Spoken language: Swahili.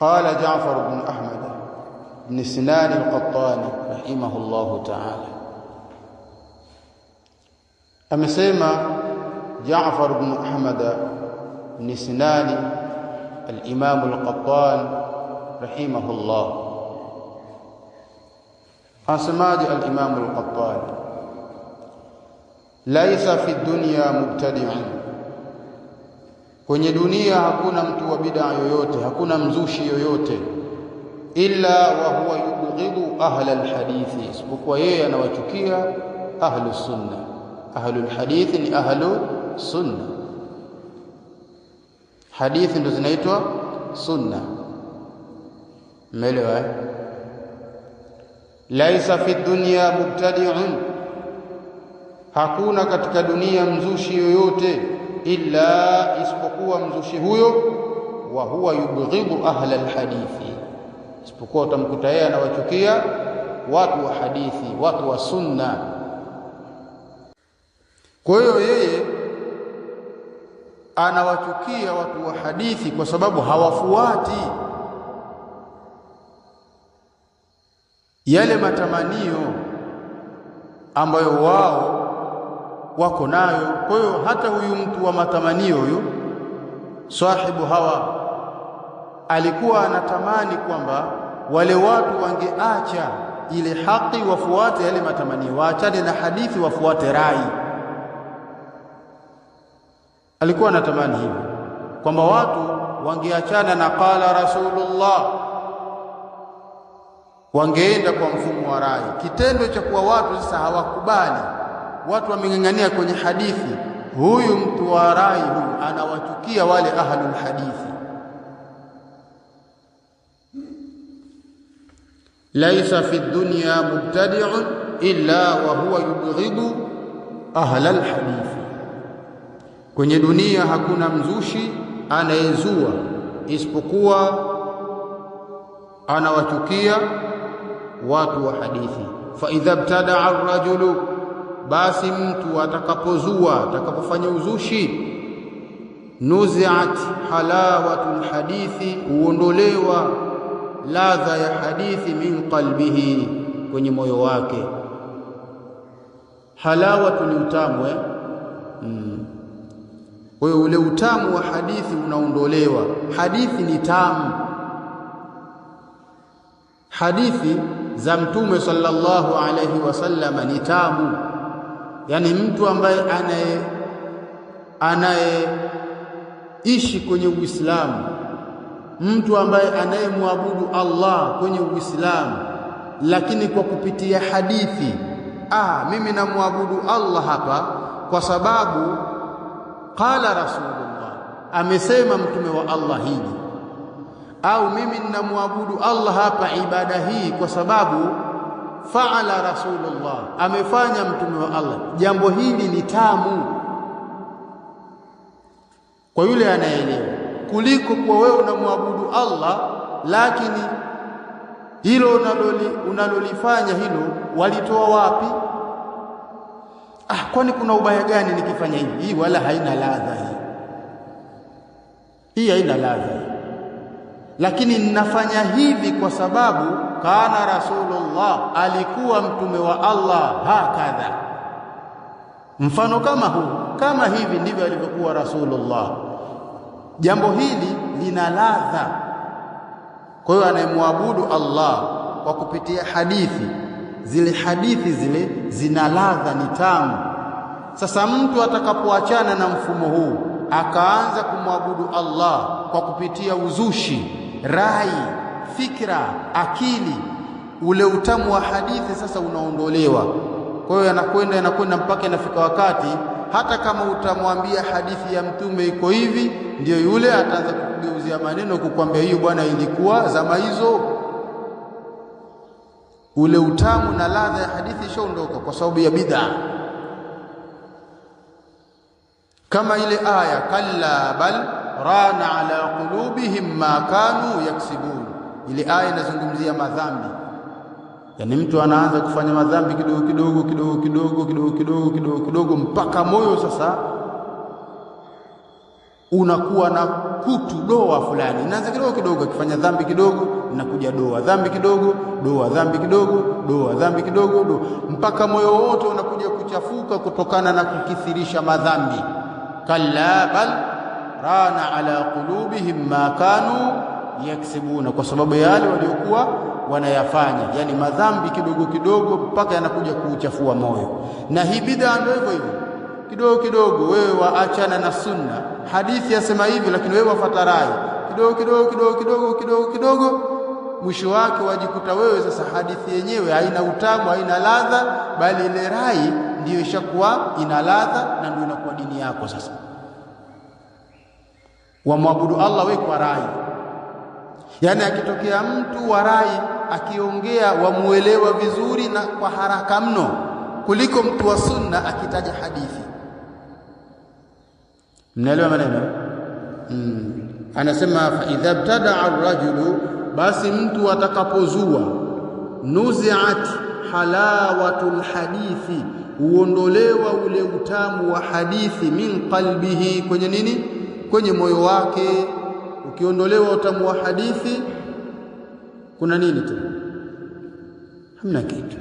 قال جعفر بن احمد بن سنان القطان رحمه الله تعالى سيما جعفر بن احمد بن سنان الامام القطان رحمه الله اسماج الامام القطان ليس في الدنيا مبتدعا Kwenye dunia hakuna mtu wa bid'a yoyote, hakuna mzushi yoyote, illa wa huwa yubghidu ahla alhadithi, isipokuwa yeye anawachukia ahlu sunna. Ahlu alhadithi ni ahlu sunna, hadithi ndo zinaitwa sunna. Mmeelewa? Eh? Laisa fi dunya mubtadi'un, hakuna katika dunia mzushi yoyote illa isipokuwa mzushi huyo wa huwa yubghidhu ahla alhadithi, isipokuwa utamkuta yeye anawachukia watu wa hadithi, watu wa sunna. Kwa hiyo yeye anawachukia watu wa hadithi kwa sababu hawafuati yale matamanio ambayo wao wako nayo. Kwa hiyo hata huyu mtu wa matamanio huyu sahibu hawa alikuwa anatamani kwamba wale watu wangeacha ile haki, wafuate yale matamanio, waachane na hadithi, wafuate rai. Alikuwa anatamani hivyo kwamba watu wangeachana na qala Rasulullah, wangeenda kwa mfumo wa rai. Kitendo cha kuwa watu sasa hawakubali watu wameng'ang'ania kwenye hadithi, huyu mtu wa rai huyu anawachukia wale ahlul hadithi. laisa fi dunya mubtadi'un illa wa huwa yubghidu ahla alhadithi, kwenye dunia hakuna mzushi anayezua isipokuwa anawachukia watu wa hadithi. fa idha btadaa arrajulu basi mtu atakapozua atakapofanya uzushi, nuziat halawatu hadithi, huondolewa ladha ya hadithi min qalbihi, kwenye moyo wake. Halawatu ni utamu eh? Mm. Kwa hiyo ule utamu wa hadithi unaondolewa. Hadithi ni tamu. Hadithi za Mtume sallallahu alayhi wasallam ni tamu yaani mtu ambaye anaye anayeishi kwenye Uislamu, mtu ambaye anayemwabudu Allah kwenye Uislamu, lakini kwa kupitia hadithi, ah, mimi namwabudu Allah hapa kwa sababu qala rasulullah, amesema mtume wa Allah hili, au mimi ninamwabudu Allah hapa ibada hii kwa sababu faala rasulullah, amefanya mtume wa Allah. Jambo hili ni tamu kwa yule anayeelewa, kuliko kwa wewe unamwabudu Allah lakini hilo unaloli, unalolifanya hilo walitoa wapi? Ah, kwani kuna ubaya gani nikifanya hivi? Hii wala haina ladha hii, hii haina ladha hii lakini ninafanya hivi kwa sababu kana rasulullah, alikuwa mtume wa Allah hakadha. Mfano kama huu, kama hivi ndivyo alivyokuwa rasulullah. Jambo hili lina ladha. Kwa hiyo anayemwabudu Allah kwa kupitia hadithi zile, hadithi zile zina ladha, ni tamu. Sasa mtu atakapoachana na mfumo huu akaanza kumwabudu Allah kwa kupitia uzushi rai, fikra, akili, ule utamu wa hadithi sasa unaondolewa. Kwa hiyo yanakwenda yanakwenda mpaka inafika wakati hata kama utamwambia hadithi ya mtume iko hivi, ndio yule ataanza kugeuzia maneno kukwambia hiyo bwana ilikuwa zama hizo. Ule utamu na ladha ya hadithi ishaondoka kwa sababu ya bid'a, kama ile aya kalla bal rana ala qulubihim ma kanu yaksibun. Ile aya inazungumzia madhambi, yaani mtu anaanza kufanya madhambi kidogo kidogo kidogo kidogo kidogo kidogo kidogo kidogo, mpaka moyo sasa unakuwa na kutu doa fulani. Inaanza kidogo kidogo, akifanya dhambi kidogo inakuja doa, dhambi kidogo doa, dhambi kidogo doa, dhambi kidogo doa, mpaka moyo wote unakuja kuchafuka kutokana na kukithirisha madhambi. Kalla bal rana ala qulubihim ma kanu yaksibuna, kwa sababu yale waliokuwa wanayafanya, yani madhambi kidogo kidogo mpaka yanakuja kuuchafua moyo. Na hii bid'a ndio hivyo hivyo, kidogo kidogo wewe waachana na sunna, hadithi yasema hivi, lakini wewe wafuata rai kidogo kidogo kidogo kidogo kidogo kidogo, mwisho wake wajikuta wewe sasa, hadithi yenyewe haina utamu, haina ladha, bali ile rai ndiyo ishakuwa ina ladha na ndio inakuwa dini yako sasa wamwabudu Allah we kwa rai, yaani akitokea mtu wa rai akiongea wamuelewa vizuri na kwa haraka mno kuliko mtu wa sunna akitaja hadithi. Mnaelewa maneno mm. Anasema fa idha btadaa arrajulu, basi mtu atakapozua nuziat halawatul hadithi, huondolewa ule utamu wa hadithi min qalbihi, kwenye nini kwenye moyo wake. Ukiondolewa utamu wa hadithi, kuna nini tu? Hamna kitu.